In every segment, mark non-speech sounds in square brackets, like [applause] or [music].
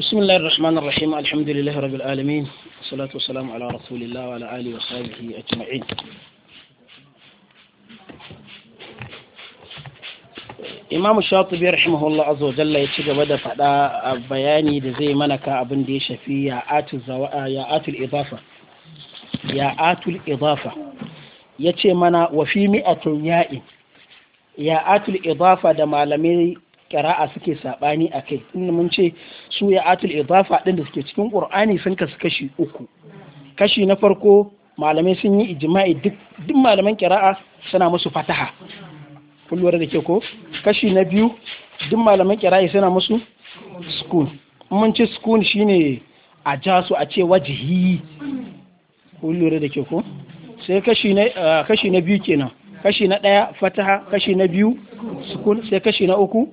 بسم الله الرحمن الرحيم الحمد لله رب العالمين والصلاة والسلام على رسول الله وعلى آله وصحبه أجمعين إمام الشاطبي رحمه الله عز وجل يتشجى بدا فعلا بياني دزي منك أبن ديش في يا آت, الزو... يا آت الإضافة يا آت الإضافة يتشي منا وفي مئة يائي يا آت الإضافة دمالمي ƙira'a suke saɓani a kai inda mun ce su ya atul idafa ɗin da suke cikin ƙur'ani sun kasu kashi uku kashi na farko malamai sun yi ijima'i duk malaman ƙira'a suna musu fataha kun da ke ko kashi na biyu duk malaman kira'a suna musu sukun mun ce sukun shine a ja su a ce wajihi kun da ke ko sai kashi na biyu kenan kashi na ɗaya fataha kashi na biyu sukun sai kashi na uku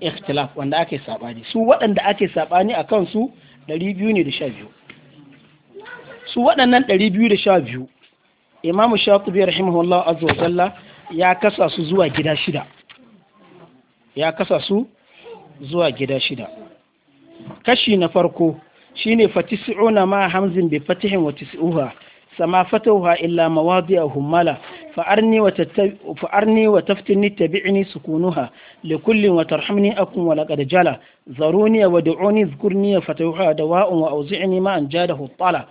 ikhtilaf wanda ake sabani su waɗanda ake sabani a kansu 200 su waɗannan 212 imamu shatubi rahimahullah azza wa jalla ya kasa su zuwa gida shida ya kasa su zuwa gida shida kashi na farko shine fatisi'una ma hamzin bi fatihin wa tis'uha sama fatuha illa mawadi'a humala فأرني وتفتني تبعني سكونها لكل وترحمني أكن ولقد جلا ذروني ودعوني اذكرني فتوحى دواء وأوزعني ما أنجاده الطلا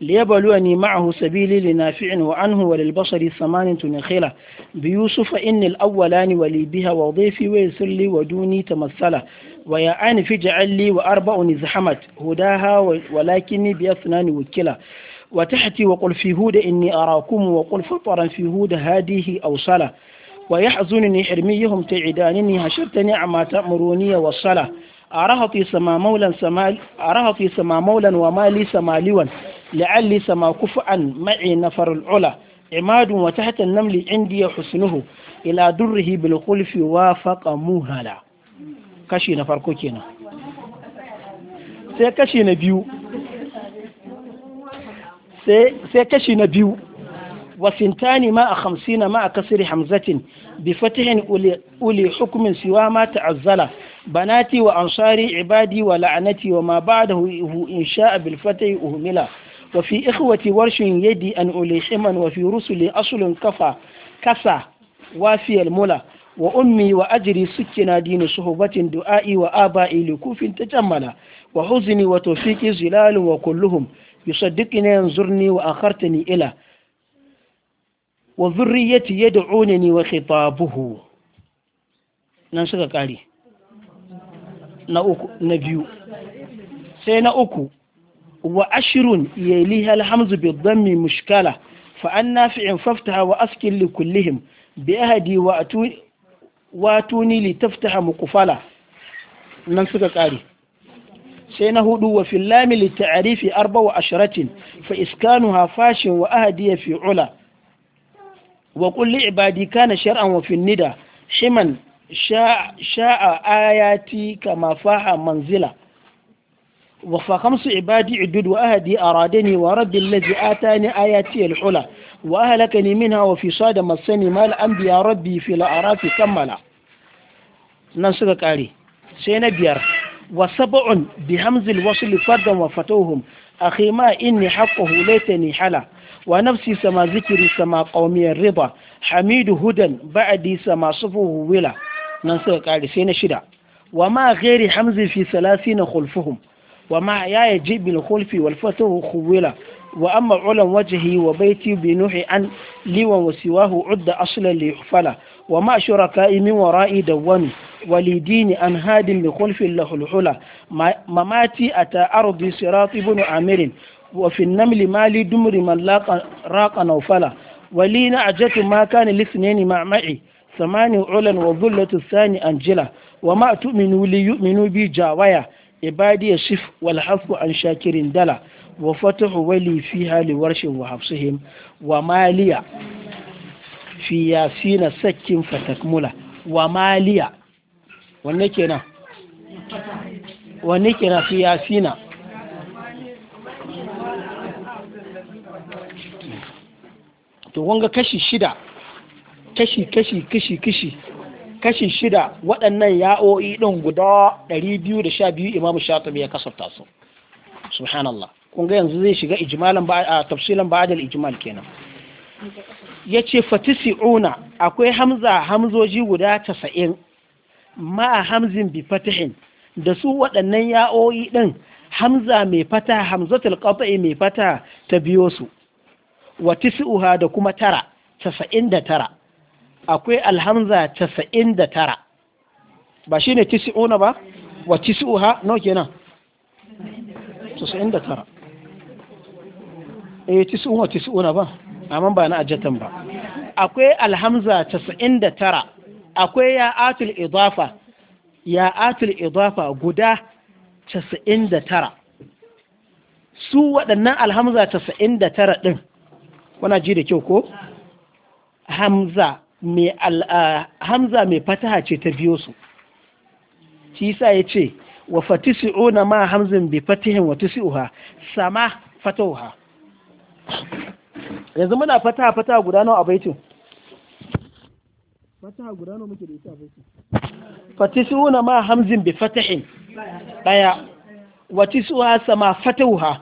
ليبلوني معه سبيلي لنافع وعنه وللبشر ثمان تنخلا بيوسف إن الأولان ولي بها وضيفي ويسر لي ودوني تمثلا ويا أنف اجعل لي وأربع زحمت هداها ولكني بأثنان وكلا وتحتي وقل في هود إني أراكم وقل فطرا في هود هذه أو صلاة ويحزنني حرميهم تعدانني هشرتني عما تأمروني والصلاة أرهطي سما مولا سما أرهطي سما مولا وما لي سما لوا لعلي سما كفعا معي نفر العلا عماد وتحت النمل عندي حسنه إلى دره بالخلف وافق مهلا كشي نفر كوكينا sai kashe na biyu sai kashi na biyu wasintani ma a hamsina ma a kasiri hamzatin bi fatihin uli hukumin siwa ma ta'azzala banati wa ansari ibadi wa la'anati wa ma ba'dahu in sha'a bil fatihi uhmila wa fi ikhwati warshin yadi an uli himan wa fi rusuli aslun kafa kasa wafiyal mula wa ummi wa ajri sukina dini suhubatin du'a'i wa aba'i likufin tajammala wa huzni wa tawfiqi zilalun wa kulluhum yusaddiquni yanzurni wa akhartani ila wa zurriyati yad'unani wa khitabuhu nan suka kare na uku na biyu sai na uku wa ashrun yaliha alhamzu bi dhammi mushkala fa an nafi'in faftaha wa askin li kullihim bi ahadi wa tuni li taftaha muqfala nan suka kare sai na hudu wa fillami litta'arifi arba wa ashiratin fa iskanu ha fashin wa ahadiya fi ula wa ibadi kana shar'an wa finnida shiman sha'a ayati kama faha manzila wa ibadi udud wa ahadi aradani wa rabbi allazi atani ayati al-ula wa ahlakani minha wa fi sada masani mal anbiya rabbi fi al kammala nan suka kare sai na biyar وسبع بهمز الوصل فردا وفتوهم أخي ما إني حقه ليتني حلا ونفسي سما ذكري سما قومي الرضا حميد هدى بعدي سما صفه ولا ننسى قال سين شدا وما غير حمز في ثلاثين خلفهم وما يا يجيب الخلف والفتوه خولا وأما علم وجهي وبيتي بنوح عن لي وسواه عد أصلا ليحفلا وما شركاء من ورائي دواني ولديني أن هاد بخلف الله الحلى مماتي أتى أرضي صراط بن عامر وفي النمل مالي دمر من لاق راق نوفلا ولي نعجة ما كان الاثنين مع معي ثماني علا وظلة الثاني أنجلة وما تؤمنوا ليؤمنوا بي جاوية عبادي الشف والحفظ عن شاكر دلا وفتح ولي فيها لورش وحفصهم وماليا fi na sakin fatakmula wa maliya wanne kenan wanne kenan fi na to wanga kashi shida kashi kashi kashi kashi kashi shida waɗannan ya'o'i ɗin guda 212 imamu shatibi ya kasafta su subhanallah kun ga yanzu zai shiga Ijimalan ba a tafsilan ba'dal ijmal kenan ya ce fatisi'una akwai hamza hamzoji guda tasa'in ma'a hamzin bi fatihin da su waɗannan ya'o'i ɗin hamza mai fata hamzatul qata'i mai fata ta biyo su wa tisuha da kuma tara tasa'in da tara akwai alhamza tasa'in da tara ba shine tisu'una ba wa tisuha no kenan tasa'in da tara eh tisu'una tisu'una ba amma ba na ajatan ba akwai alhamza 99 akwai ya atul idafa ya atul idafa guda 99 su waɗannan alhamza 99 ɗin kuna ji da kyau ko hamza mai hamza mai fataha ce ta biyo su shi ya ce wa fatisi'una ma hamzin bi fatihin wa tisi'uha sama fatauha yanzu muna fata fata guda nawa a baitin fataha guda nawa muke da ita a baitin fatisuna ma hamzin bi fatahin daya wa sama fatuha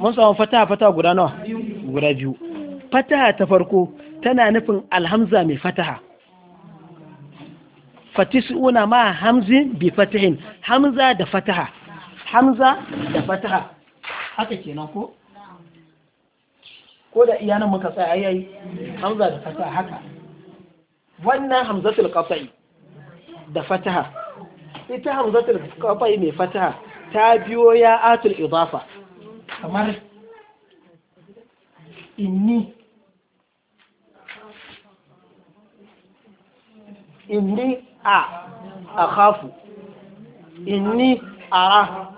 mun samu fataha fataha guda nawa guda biyu fataha ta farko tana nufin alhamza mai fataha fatisuna ma hamzin bi fatahin hamza da fataha hamza da fataha haka kenan ko ko da iyanan muka tsaya yayi hamza da fata haka wannan hamzatul qat'i da fataha ita hamzatul qat'i mai fataha ta biyo ya atul idafa kamar inni inni a akhafu inni ara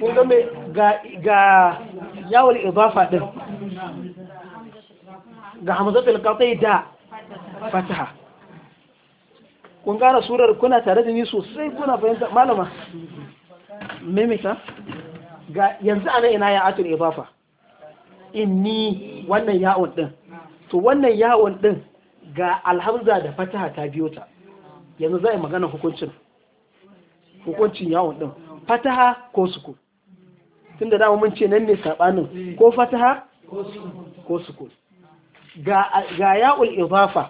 kun ga ga yawul idafa din ga hamzatul qati da fataha kun gane surar kuna tare da ni sosai kuna fahimta malama mimita ga yanzu ana ina ya atul ibafa inni wannan ya'un din to wannan ya'un din ga alhamza da fataha ta biyo ta yanzu za a yi magana hukuncin hukuncin yawon ɗin fataha ko suku tunda da dama mun ce nan ne saɓanin ko fataha ko suku ga ya'ul izafa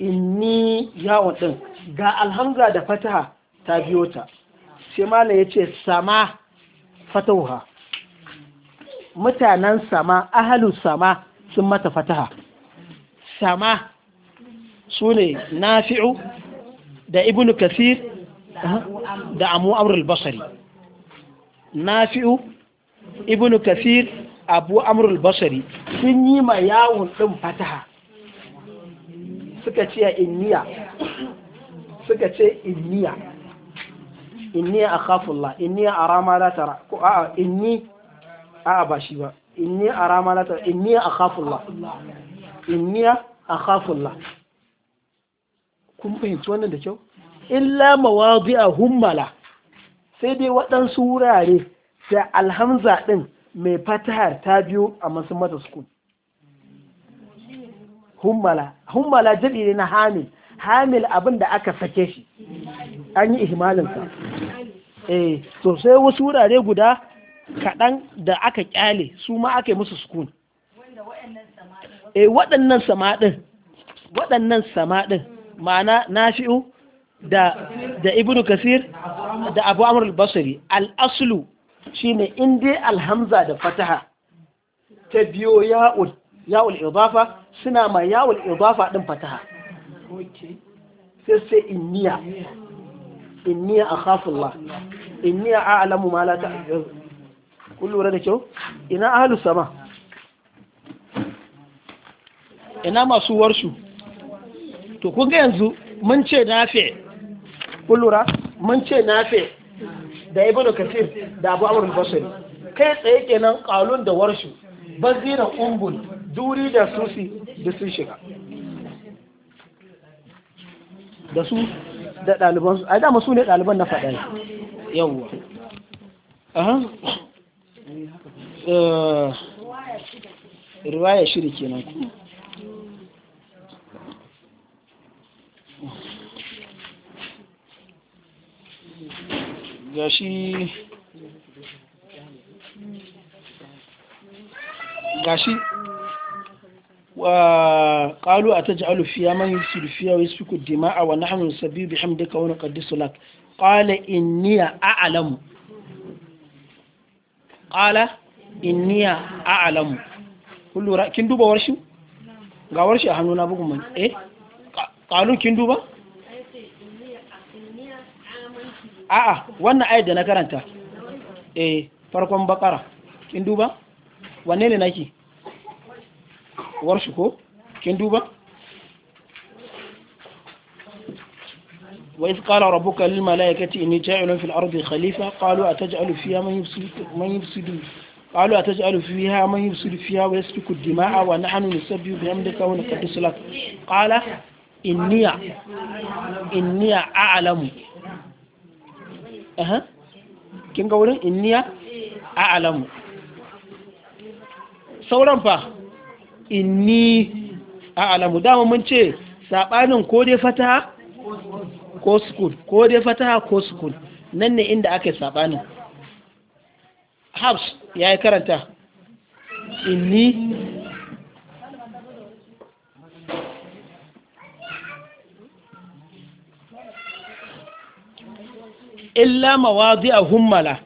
inni yawon ɗin ga alhamza da fataha ta biyo ta sai malam ya ce sama fatauha mutanen sama ahalu sama sun mata fataha sama sune nafi'u da ibnu kasir da amu amrul basari nafi'u ibnu kasir abu amrul bashari sun yi ma yawon ɗin fataha suka ce inniya suka ce inniya inniya a kafullah inniya a rama tara, ko a'a inni a'a ba shi ba inni a rama tara, inniya a kafullah inniya a kafullah kun fahimci wannan da kyau illa mawadi a hummala sai dai waɗansu wurare da alhamza ɗin mai fatahar ta biyu a masu mata sukun hummala hummala jabi ne na hamil hamil abin da aka sake shi an yi ihimalinsa. eh to sai wasu wurare guda kaɗan da aka kyale su ma aka yi musu sukun eh waɗannan samaɗin waɗannan samaɗin ma'ana nafi'u da da ibnu kasir da abu amr al-basri al shine in dai alhamza da fataha ta biyo ya'ul ya'ul idafa suna ma ya'ul idafa din fataha sai sai inniya inniya akhafullah inniya a'lamu ma la ta'lamu kun da kyau ina ahlus sama ina masu warshu to kun ga yanzu mun ce nafe kullura mun ce nafe da ya bane kafir da abu amurin al kai tsaye kenan kalun da warshu bazira umbul duri da susi da sun shiga da su da ɗaliban su a dama su ne ɗaliban na faɗa yawwa eh, riwaya shiri kenan ku ga shi gashi wa qalu ataj'alu fiha man yusiru fiha wa yasfiku dima'a wa nahnu nusabbihu bihamdika wa nuqaddisu lak qala inni a'lamu qala inni a'lamu kullu ra kin duba warshi ga warshi a hannuna bugun man eh qalu kin duba a'a wannan ayat da na karanta eh farkon bakara kin duba wanne ne nake warshi ko kin duba wa iskala rabbuka lil malaikati inni ja'ilun fil ardi khalifa qalu ataj'alu fiha man yufsidu man yufsidu qalu ataj'alu dima'a wa nahnu nusabbihu bi amrika wa naqdisu lak qala inni inni a'lamu aha kin ga wurin inniya a alamu sauran fa inni a alamu dama mun ce saɓanin ko dai fataha ko sukun ko dai fataha ko sukun nan ne inda aka yi saɓanin habs yayi yi karanta inni illa mawazi a hummala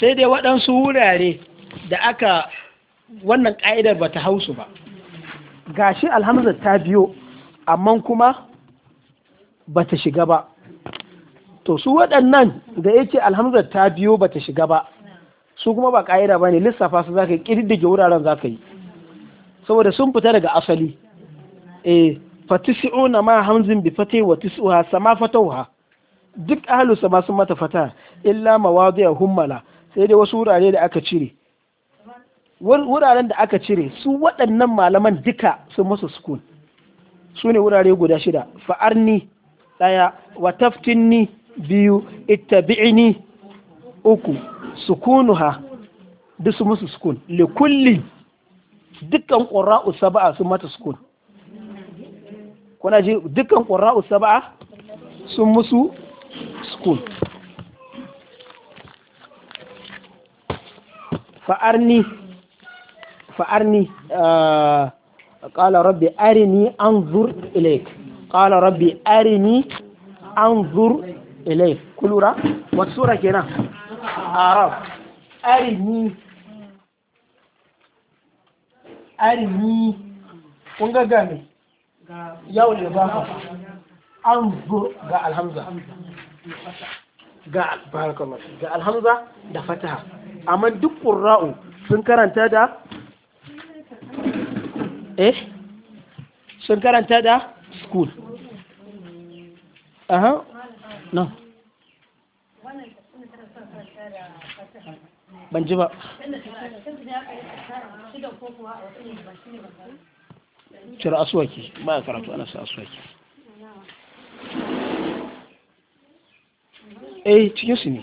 sai dai waɗansu wurare da aka wannan ƙa'idar ba ta hausu ba gashi alhamza ta biyo amma kuma ba ta shiga ba to su waɗannan da yake alhamza ta biyo ba ta shiga ba su kuma ba ƙa'ida ba ne lissafa su za ka yi ƙididdige wuraren za ka yi saboda sun fita daga asali eh fatisi'una ma hamzin bi wa tis'uha sama fatauha duk ahalusa ba sun mata fata illa ya hummala sai dai wasu wurare da aka cire wuraren da aka cire su waɗannan malaman duka sun masa sukun su ne wurare guda shida fa'arni ɗaya wa taftinni biyu ittabi'ini uku sukunu ha duk su musu sukun likulli dukkan ƙura'u saba'a sun mata sukun kuna ji dukkan ƙura'u saba'a sun musu school fa'arni fa'arni ƙala uh, rabbi arini an zur ilai, ƙala rabbi arini an zur ilai. kulura wata sura kenan arab arini arini kun gaggame yau da ba an zur ga alhamza ga alhamza da fataha amma duk qurra'u sun karanta da eh sun ban ji ba cire asuwaki ba karatu ana sa asuwaki eh cikin su ne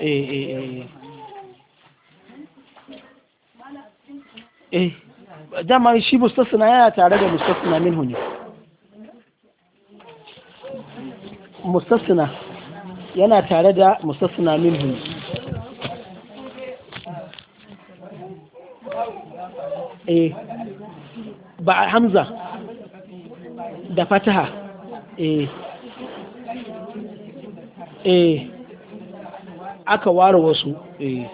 eh eh eh dama shi mustasna yana tare da mustasna min ne mustasna yana tare da mustasna min ne eh ba hamza da fataha eh eh aka ware wasu eh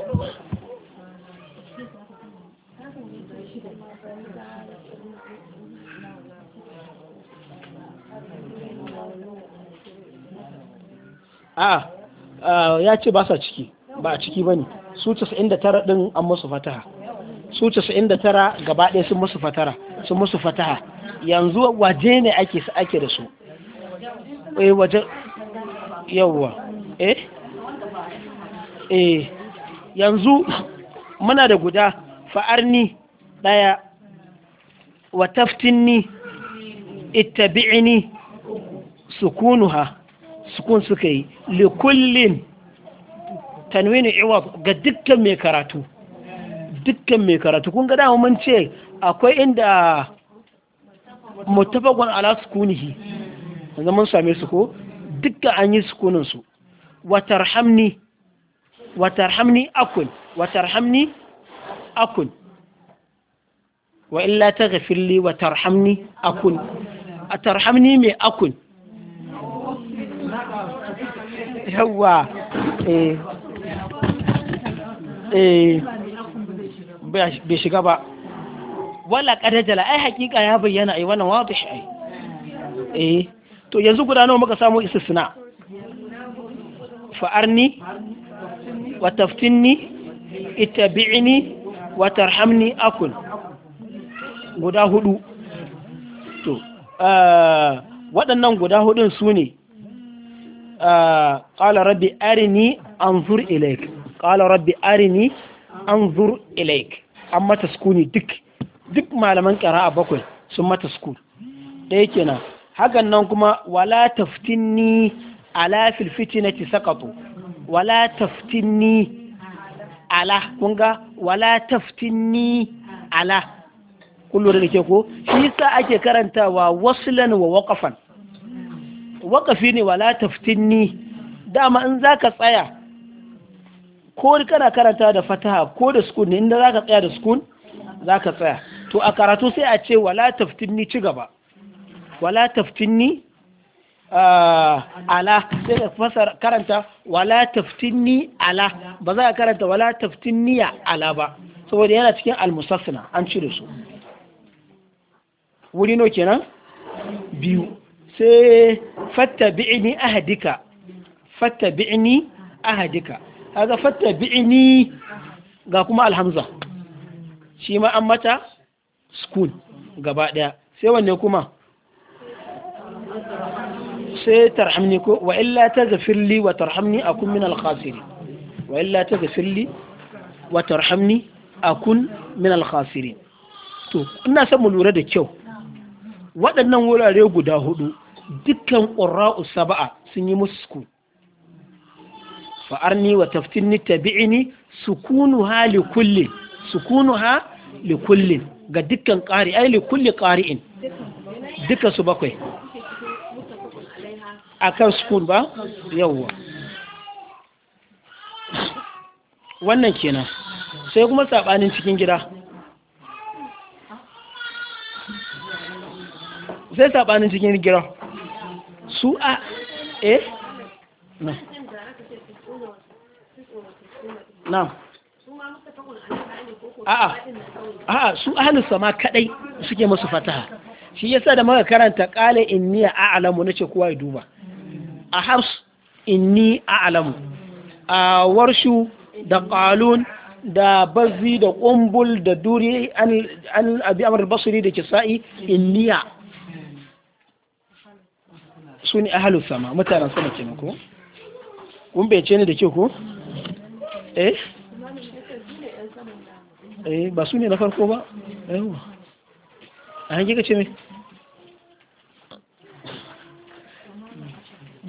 a ya ce ba sa ciki ba a ciki ba ne su 99 ɗin an musu fataha su 99 gaba ɗaya sun musu fatara sun musu fataha yanzu waje ne ake ake da su eh waje yawwa eh eh yanzu muna da guda fa'arni ɗaya wa taftinni ittabi'ni sukunuha sukun suka yi likullin tanwini iwaf ga dukkan mai karatu dukkan mai karatu kun ga dama mun ce akwai inda mutafakon ala sukunihi yanzu mun same su ko dukkan an yi sukunin watarhamni watarhamni akun watarhamni akun wa illa taghfir li watarhamni akun atarhamni me akun yawa eh eh bai shiga ba wala kadajala ai hakika ya bayyana ai wannan wadish ai eh to yanzu guda nawa muka samu istisna fa'arni wa taftinni ittabi'ni wa tarhamni akun guda hudu to waɗannan guda hudun su ne ƙala rabbi arini an zur ilaik ƙala rabbi arini an zur ilaik an mata sukuni duk duk malaman a bakwai sun mata sukuni ɗaya kenan hakan nan kuma wala taftinni ala fil fitinati saqatu wala taftinni ala Kunga wala taftinni ala kullu da ke ko shi yasa ake karantawa waslan wa waqafan waqafi ne wala taftinni dama in zaka tsaya ko kana karanta da fataha ko da sukun ne inda zaka tsaya da sukun zaka tsaya to a karatu sai a ce wala taftinni ci gaba wala taftinni ala sai ka fasa karanta wala taftinni ala ba za ka karanta wala taftinniya ala ba saboda yana cikin almusassina an cire su wuri no kenan biyu sai fatta bi'ini ahadika fatta bi'ini ahadika kaga fatta bi'ini ga kuma alhamza shi ma an mata school gaba daya sai wanne kuma sai tarhamni ko wa illa taghfir li wa tarhamni akun min al-khasirin wa illa taghfir li wa tarhamni akun min al-khasirin to ina son mu lura da kyau waɗannan wurare guda hudu dukkan ƙura'u saba'a sun yi musku. sukun fa'arni wa taftinni tabi'ini sukunu ha li kullin sukunu ha li kullin ga dukkan ƙari ai li kulli ƙari'in duka su bakwai akan school ba yawwa wannan kenan sai kuma sabanin cikin gida sai sabanin cikin gida su a eh na na a'a a'a su ahli sama kadai suke musu fataha shi yasa da muka karanta qala inni a'lamu nace kowa ya duba a habs inni a'lamu a warshu da qalun da bazzi da ƙumbul da duri an abi amur basuri da kisa'i inniya su ne ahalus sama mutanen sama kenan ko kun bece ne da ke ko eh eh ba su ne na farko ba yawa a hankika ce ne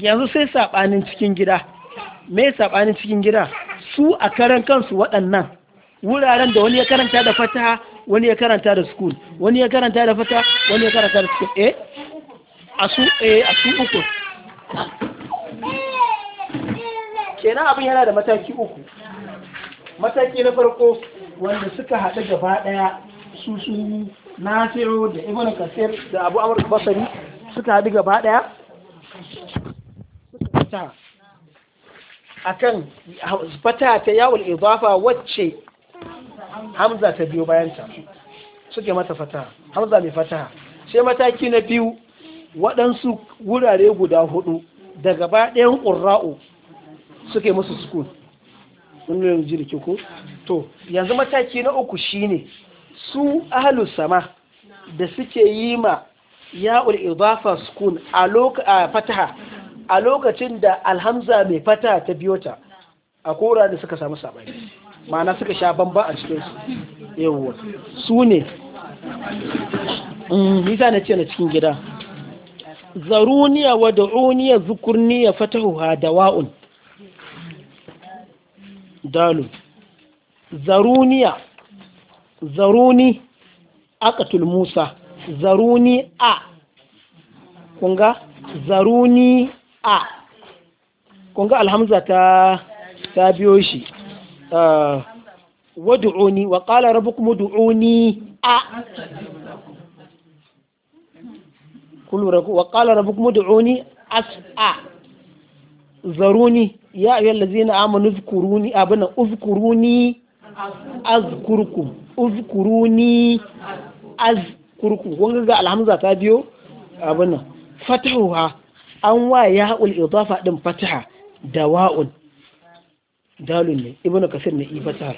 yanzu sai saɓanin cikin gida me saɓanin cikin gida su a karan kansu waɗannan wuraren da wani ya karanta da fata wani ya karanta da school wani ya karanta da fata wani ya karanta da school eh a su eh a su uku kenan abin yana da mataki uku mataki na farko wanda suka haɗu gaba ɗaya su su nasiru da ibn kasir da abu Amurka basari suka haɗu gaba ɗaya fata akan fata ta yawul idafa wacce hamza ta biyo bayanta suke mata fata hamza mai fata sai mataki na biyu waɗansu wurare guda hudu da gaba ɗayan ƙura'u suke musu sukun wani yanzu da ko to yanzu mataki na uku shine su ahalus sama da suke yi ma ya'ul idafa sukun a fataha a lokacin da alhamza mai fata ta biyo ta a kora da suka samu sabani ma'ana suka sha bamba a cikin su yawwa su ne mm, nisa na ce na cikin gida zaruniya wa da'uniya zukurniya da wa'un dalu zaruniya zaruni aqatul musa zaruni a kunga zaruni a kunga alhamza ta ta biyo shi wad'uni wa qala rabbukum ud'uni a kullu raku wa qala rabbukum ud'uni as'a zaruni ya ayyuhal ladzina amanu uzkuruni abana uzkuruni azkurkum uzkuruni azkurkum kun ga alhamza ta biyo abana fatahuha an wa ya haƙul idafa ɗin fataha da wa'un dalun ne ibn kasir ne ibatar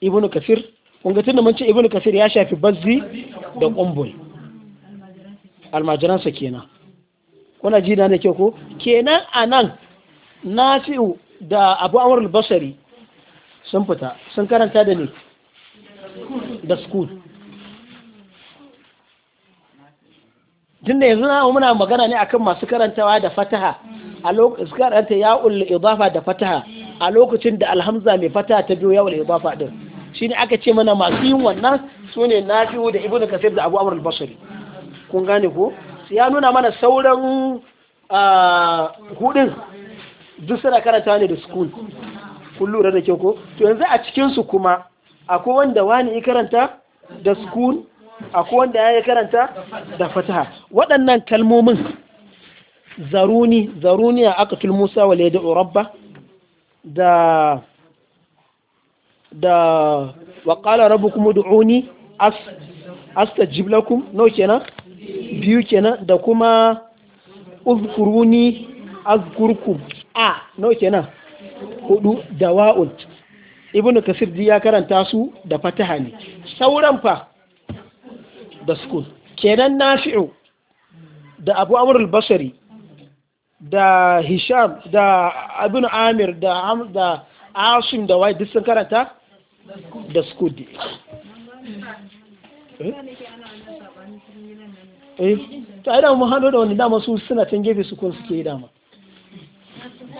ibn kasir tunda mun ce ibnu kasir ya shafi bazzi da qumbul almajiransa kenan kuna ji na ne ke ko kenan anan nafi'u da abu amr al sun fita sun karanta da ni da school tun da yanzu na muna magana ne akan masu karantawa da fataha a lokacin karanta ya'ul idafa da fataha a lokacin da alhamza mai fataha ta biyo ya'ul idafa din shine aka ce mana masu yin wannan sune nafi'u da ibnu kasir da abu amr al-basri kun gane ko ya nuna mana sauran hudin duk suna karanta ne da school kun da kyau ko to yanzu a cikin su kuma akwai wanda wani ya karanta da school akwai wanda ya karanta da fataha waɗannan kalmomin zaruni zaruni aka tulmusa musa wale da urabba da da rabu kuma da ud'uni as astajib lakum nau kenan biyu kenan da kuma uzkuruni azkurku a nau kenan hudu da wa'ul ibnu kasir ya karanta su da fataha ne sauran fa da school kenan nafi'u da abu amurul basari da hisham da abin amir da asim da wai duk sun karanta da sukun eh, eh? ta idan mu hado da wani dama su suna can gefe kun suke dama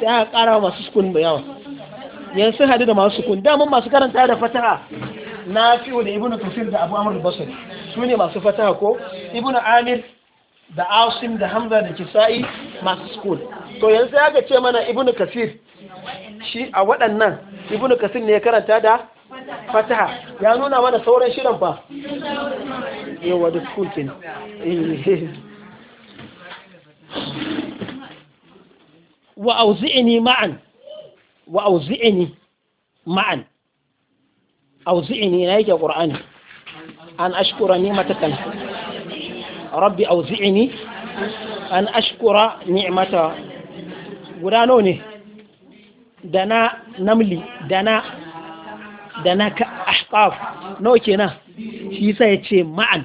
sai aka kara masu sukun da yawa yanzu sun hadu da masu sukun dama masu karanta da fata'a. nafi'u da ibnu kafir da abu amr basri su masu fataha ko ibnu amir da asim da hamza da kisa'i masu school to yanzu ya ga ce mana ibnu kafir shi a waɗannan ibnu kafir ne ya karanta da fataha ya nuna mana sauran shirin fa yawa da school kin eh. [laughs] wa auzi'ni ma'an wa auzi'ni ma'an auzi'ini na yake qur'ani an ashkura ni'mataka rabbi auzi'ini an ashkura ni'mata guda nawa ne da na namli da na da na nawa kenan shi yasa yace ma'an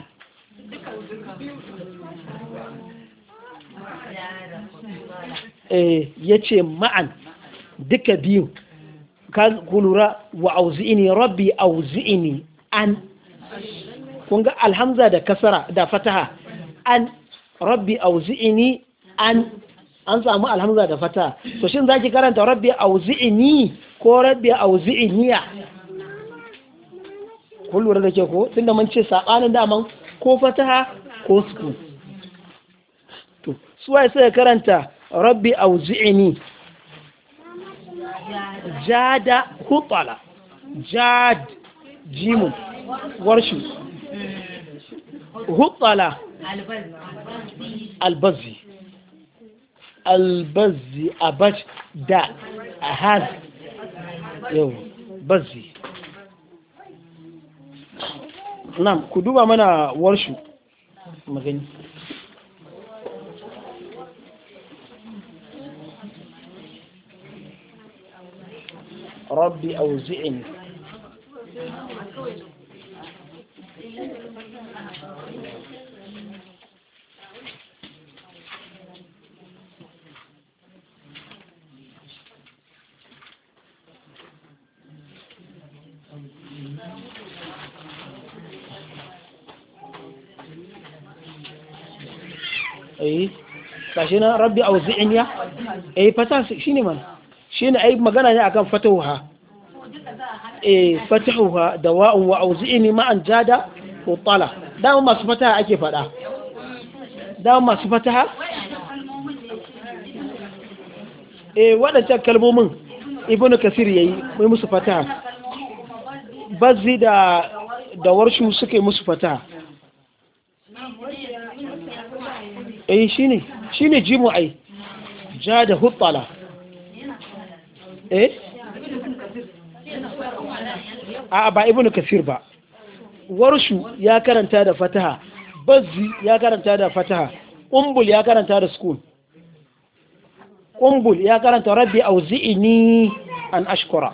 eh yace ma'an duka biyu ka kulura wa auzi'ini rabbi auzi'ini an kun ga alhamza da kasara da fataha an rabbi auzi'ini an an samu alhamza da fataha to shin zaki karanta rabbi auzi'ini ko rabbi auzi'iniya kun lura da ke ko tunda mun ce sabanin daman ko fataha ko sukun to suwaye suka karanta rabbi auzi'ini jada hutala jad jimun warshu hutala albazi albazi abaj da ahaz yau bazi nan ku duba mana warshu magani إيه؟ ربي أوزعني اي فاشينا ربي اوزعني اي فتاس شنو shine ai magana ne akan fatahuha eh fatahuha dawa'un wa auzi'ni ma an jada ko tala dama masu fataha ake fada dama masu fataha eh waɗancan kalmomin ibn kasir yayi mai musu fataha bazzi da da warshu suke musu fataha eh shine shine jimu ai jada hutala eh a ba ibnu kasir ba warshu ya karanta da fataha bazzi ya karanta da fataha umbul ya karanta da sukun umbul ya karanta rabbi auzi'ini an ashkura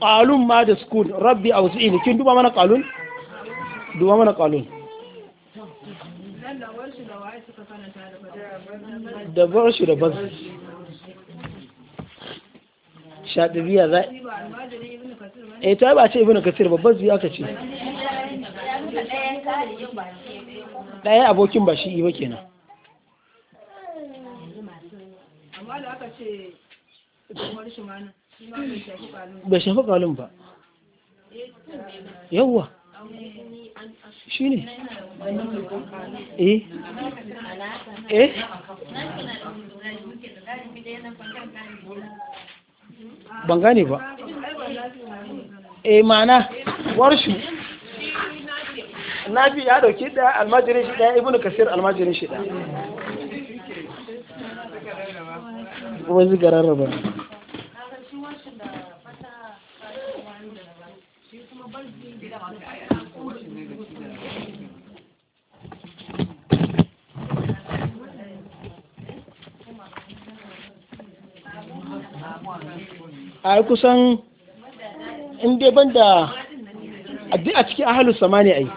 qalun ma da sukun rabbi auzi'ini kin duba mana qalun duba mana qalun da warshu da bazzi shaɗibiya za e eh, ta ba ce ibn kasir babban zuya aka ce ɗaya abokin ba shi ba kenan bai shafi ƙalun ba yawwa shi ne eh eh ban gane ba eh mana warshu nafi ya dauki da almajirin shi daya ibnu kasir almajirin shi daya wani gararraba a kusan in dai da a cikin ahalus sama ne ai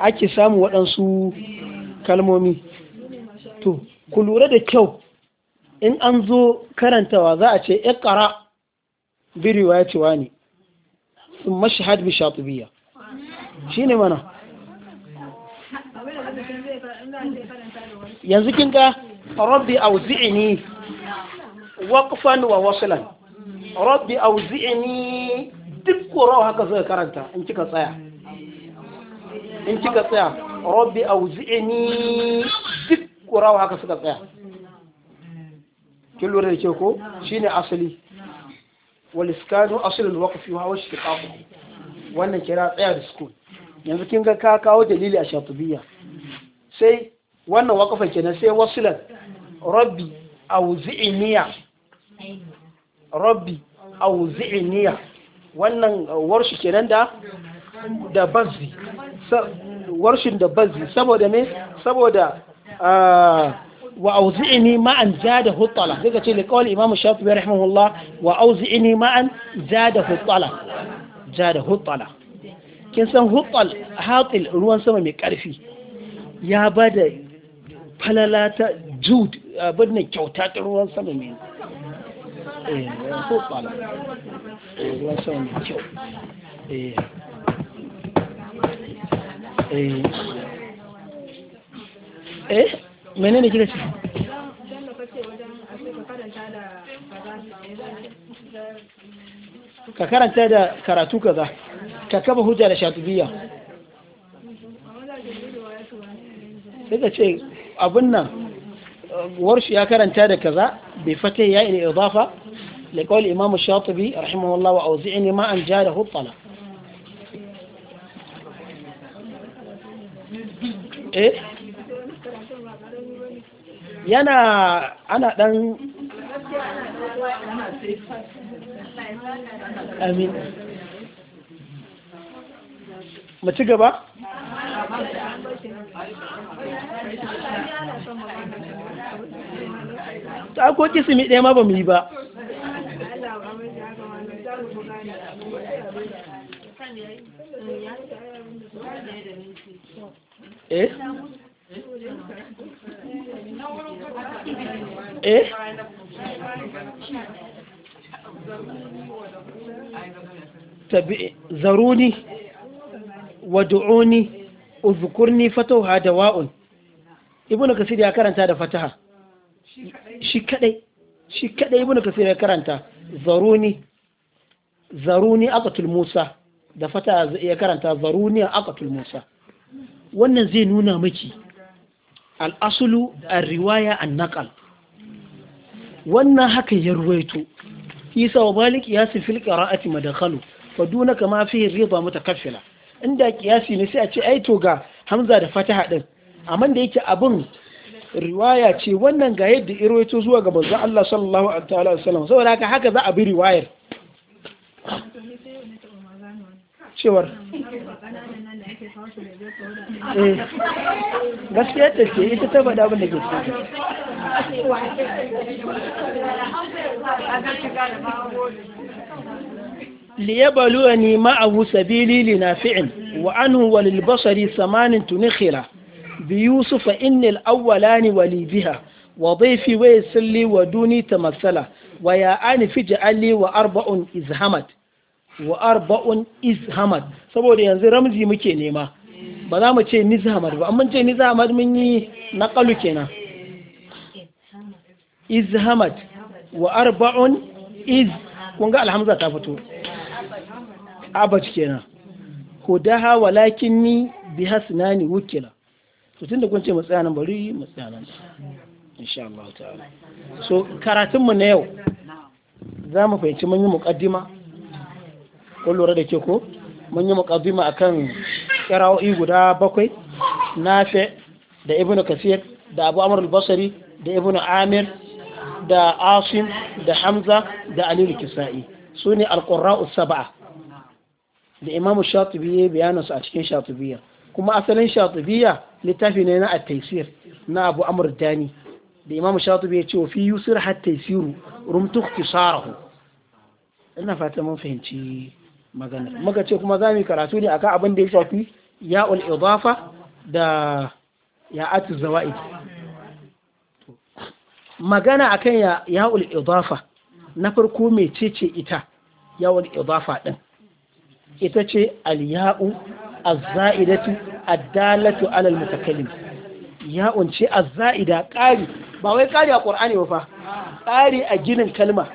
ake samu waɗansu kalmomi to ku lura da kyau in an zo karantawa za a ce ƙara biriwa ya ce wani sun mashahad bi shi ne mana yanzu kin ga rabbi auzi'ini waqfan wa waslan rabbi auzi'ni duk korau haka suka karanta in kika tsaya in kika tsaya rabbi auzi'ni duk korau haka suka tsaya kin lura da ke ko shine asali wal iskanu asl al waqf wa ishtiqaq wannan kira tsaya da sukun yanzu kin ga ka kawo dalili a shatubiyya sai wannan waqafa kenan sai wasilan rabbi auzi'niya rabbi auzi'niya wannan warshi kenan da da bazzi warshin da bazzi saboda me saboda wa auzi'ni ma'an zada hutala daga ce liqawli imam shafi'i rahimahullah wa auzi'ni ma'an zada hutala zada hutala kin san hutal hatil ruwan sama mai karfi ya bada falala ta jud abin kyauta ta ruwan sama mai Eh, eh, menene kika ce ka karanta da karatu kaza ka kaba hujja da shatubiya sai ka ce abin nan ورش يا كرن تاد كذا بفتح يا إلى إضافة لقول الإمام الشاطبي رحمه الله وأوزعني ما أن جاره الطلاق إيه yana أنا dan أمين ما ci ta ko kisimi ɗaya ma ba mu yi ba eh eh tabi zaruni wad'uni uzkurni fatuha dawa'un ibnu kasir ya karanta da fataha shi kadai shi kadai ibnu kasir ya karanta zaruni zaruni aqatul musa da fata ya karanta zaruni aqatul musa wannan zai nuna miki al-aslu ar-riwaya an-naqal wannan haka ya ruwaito isa wa balik ya su fil qira'ati madakhalu fa duna kama fihi riba mutakaffila inda kiyasi ne sai a ce ai to ga hamza da fataha din amma da yake abun riwaya ce wannan ga yadda irwaito zuwa ga manzon Allah sallallahu alaihi wasallam saboda haka haka za a bi riwayar cewar gaskiya ta ce ita ta faɗa abin da ke ليبلوني معه سبيلي لنافع وعنه وللبصر ثمان تنخرة bi yusuf innil awwalani walidiha wa dhayfi wa yasalli wa duni tamassala wa ya ani fij'ali wa arba'un izhamat wa arba'un izhamat saboda yanzu ramzi muke nema ba za mu ce nizhamat ba amma ce nizhamat mun yi na naqalu kenan izhamat wa arba'un iz kun ga alhamza ta fito abat kenan hudaha ni biha sunani wukila so tun da kun ce mu bari mu nan insha Allah ta'ala so karatun mu na yau za mu fahimci mun yi muqaddima ko lura da ke ko mun yi muqaddima akan qira'o'i guda bakwai Nafe, da ibnu kasir da abu amr al-basri da ibnu amir da asim da hamza da ali al-kisai sune al-qurra'u sab'a da imamu shatibi bayanansu a cikin shatibiyya kuma asalin shatubiya littafi ne na at-taysir na Abu Amr Dani da Imam Shatubi ya ce fi rumtu ina fata mun fahimci magana muka ce kuma zamu karatu ne akan abin da ya shafi ya'ul idafa da ya'atu zawaid magana akan ya'ul idafa na farko mecece ita ya'ul idafa ɗin ita ce al-ya'u azza'idatu addalatu ala almutakallim ya unce azza'ida ƙari ba wai ƙari a ƙur'ani ba fa ƙari a ginin kalma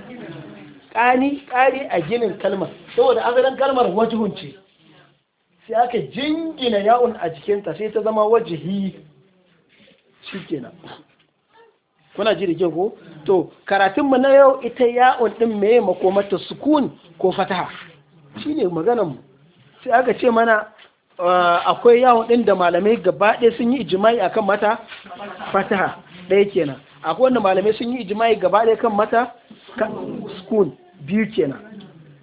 ƙani ƙari a ginin kalma saboda azalan kalmar wajhun ce sai aka jingina ya'un a jikinta sai ta zama wajihi shikenan kuna ji da kyau ko to karatun mu na yau ita ya'un din meye makomata sukun ko fataha shine maganar mu sai aka ce mana Eh, akwai yawon ɗin da malamai gaba ɗaya sun yi ijimai a kan mata fataha ɗaya kenan akwai wanda malamai sun yi ijimai gaba ɗaya kan mata skun, biyu kenan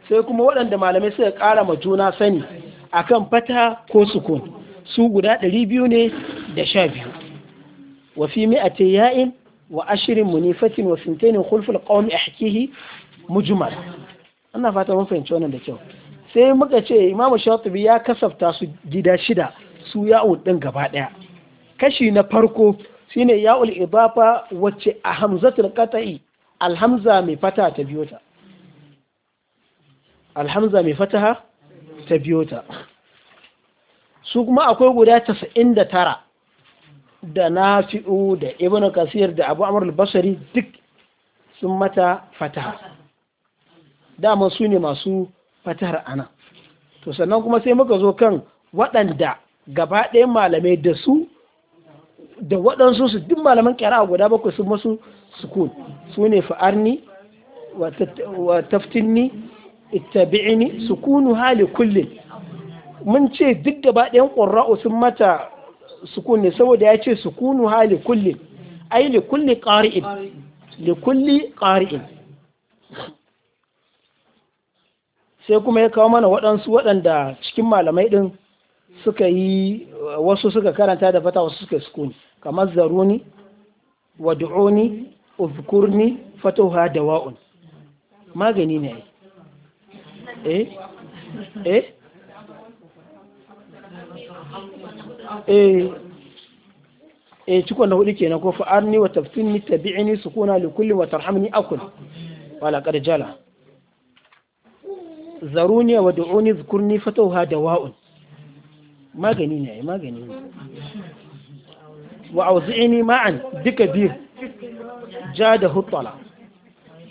sai kuma waɗanda malamai suka ƙara ma juna sani a kan fataha ko sukun su guda ɗari biyu ne da sha biyu wa fi a ya'in wa ashirin munifatin wa sintainin khulful qawmi ahkihi mujumar. ana fata mun fahimci wannan da kyau sai muka ce imamu shatubi ya kasafta su gida shida su ya'ul ɗin gaba ɗaya kashi na farko shine ya'ul idafa wacce a hamzatul qata'i alhamza mai fata ta biyo ta alhamza mai fataha ta biyo ta su kuma akwai guda 99 da tara da ibn kasir da abu amr al-basri duk sun mata fataha dama su ne masu fatahar ana to sannan kuma sai muka zo kan waɗanda gaba ɗaya malamai da su da waɗansu su duk malaman a guda bakwai sun masu sukun su ne fa'arni wa taftinni ittabi'ini sukunu hali kullum mun ce duk gaba ɗaya ƙurra'u sun mata sukun ne saboda ya ce sukunu hali kullum ai li kulli ƙari'in li kulli ƙari'in sai kuma ya kawo mana waɗansu waɗanda cikin malamai ɗin suka yi wasu suka karanta da fata wasu suka sukuni kamar zaruni wadu'uni uzkurni fatuha dawa'un magani ne eh eh eh eh cikon na hudu kenan ko arni wa tafsinni tabi'ini sukuna likulli wa tarhamni akul wala qad jala zaruni wa da'uni zukurni fatauha da wa'un magani ne ai magani ne wa auzi'ini ma'an duka biyu ja da huttala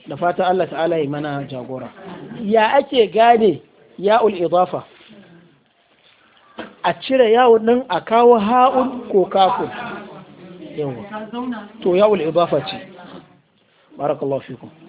da fata Allah ta'ala yi mana jagora ya ake gane ya'ul idafa a cire yawon nan a kawo ha'un ko kafin yawa to ya'ul idafa ce barakallahu fikum